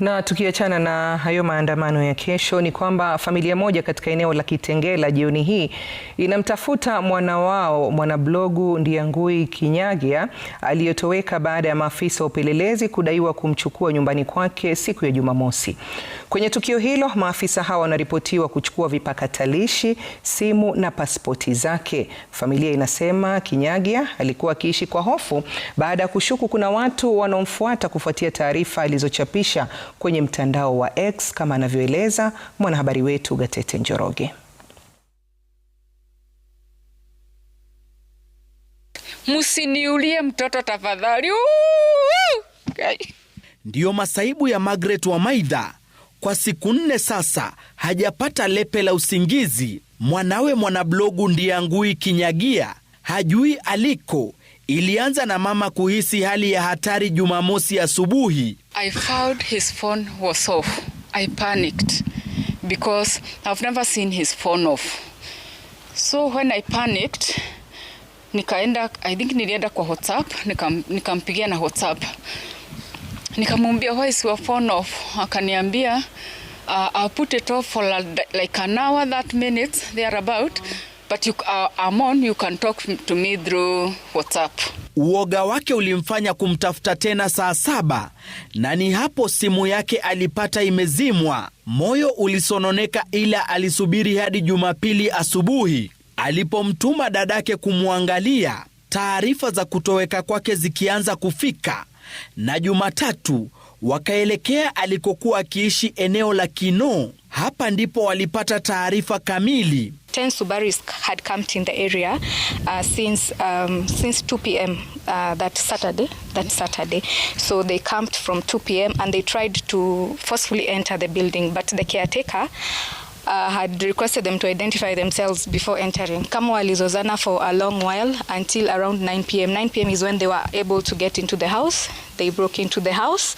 Na tukiachana na hayo maandamano ya kesho, ni kwamba familia moja katika eneo la Kitengela jioni hii inamtafuta mwana wao mwanablogu Ndiangui Kinyagia aliyotoweka baada ya maafisa wa upelelezi kudaiwa kumchukua nyumbani kwake siku ya Jumamosi. Kwenye tukio hilo, maafisa hawa wanaripotiwa kuchukua vipakatalishi, simu na pasipoti zake. Familia inasema Kinyagia alikuwa akiishi kwa hofu baada ya kushuku kuna watu wanaomfuata kufuatia taarifa alizochapisha kwenye mtandao wa X kama anavyoeleza mwanahabari wetu Gatete Njoroge. Msiniulie mtoto tafadhali. Okay. Ndiyo masaibu ya Margaret Wamaitha. Kwa siku nne sasa hajapata lepe la usingizi. Mwanawe mwanablogu Ndiangui Kinyagia hajui aliko Ilianza na mama kuhisi hali ya hatari Jumamosi asubuhi. Nikaenda, I think nilienda kwa WhatsApp nikam, nikampigia na WhatsApp nikamwambia why is your phone off? Akaniambia uh, put it off for like an hour that there about But you, uh, on, you can talk to me through WhatsApp. Uoga wake ulimfanya kumtafuta tena saa saba na ni hapo simu yake alipata imezimwa. Moyo ulisononeka, ila alisubiri hadi Jumapili asubuhi alipomtuma dadake kumwangalia, taarifa za kutoweka kwake zikianza kufika, na Jumatatu wakaelekea alikokuwa akiishi eneo la Kinoo. Hapa ndipo walipata taarifa kamili. 10 Subaris had camped in the area uh, since um, since 2 p.m. Uh, that Saturday. That Saturday, so they camped from 2 p.m. and they tried to forcefully enter the building, but the caretaker uh, had requested them to identify themselves before entering. Kama walizozana for a long while until around 9 p.m. 9 p.m. is when they were able to get into the house. They broke into the house.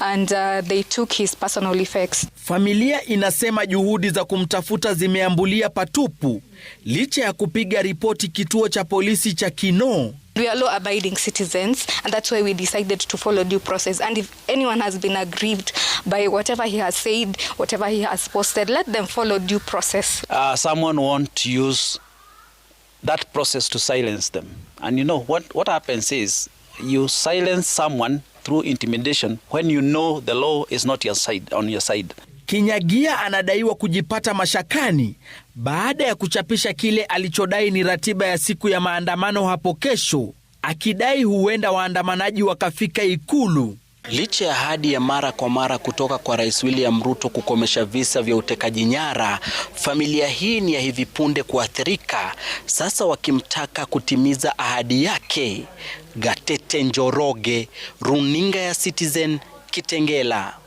and uh, they took his personal effects. Familia inasema juhudi za kumtafuta zimeambulia patupu licha ya kupiga ripoti kituo cha polisi cha Kinoo. We are law abiding citizens and that's why we decided to follow due process and if anyone has been aggrieved by whatever he has said whatever he has posted let them follow due process. Uh, someone won't use that process to silence them and you know what what happens is you silence someone through intimidation when you know the law is not your side, on your side. Kinyagia anadaiwa kujipata mashakani baada ya kuchapisha kile alichodai ni ratiba ya siku ya maandamano hapo kesho, akidai huenda waandamanaji wakafika Ikulu. Licha ya ahadi ya mara kwa mara kutoka kwa Rais William Ruto kukomesha visa vya utekaji nyara, familia hii ni ya hivi punde kuathirika, sasa wakimtaka kutimiza ahadi yake. Gatete Njoroge, Runinga ya Citizen, Kitengela.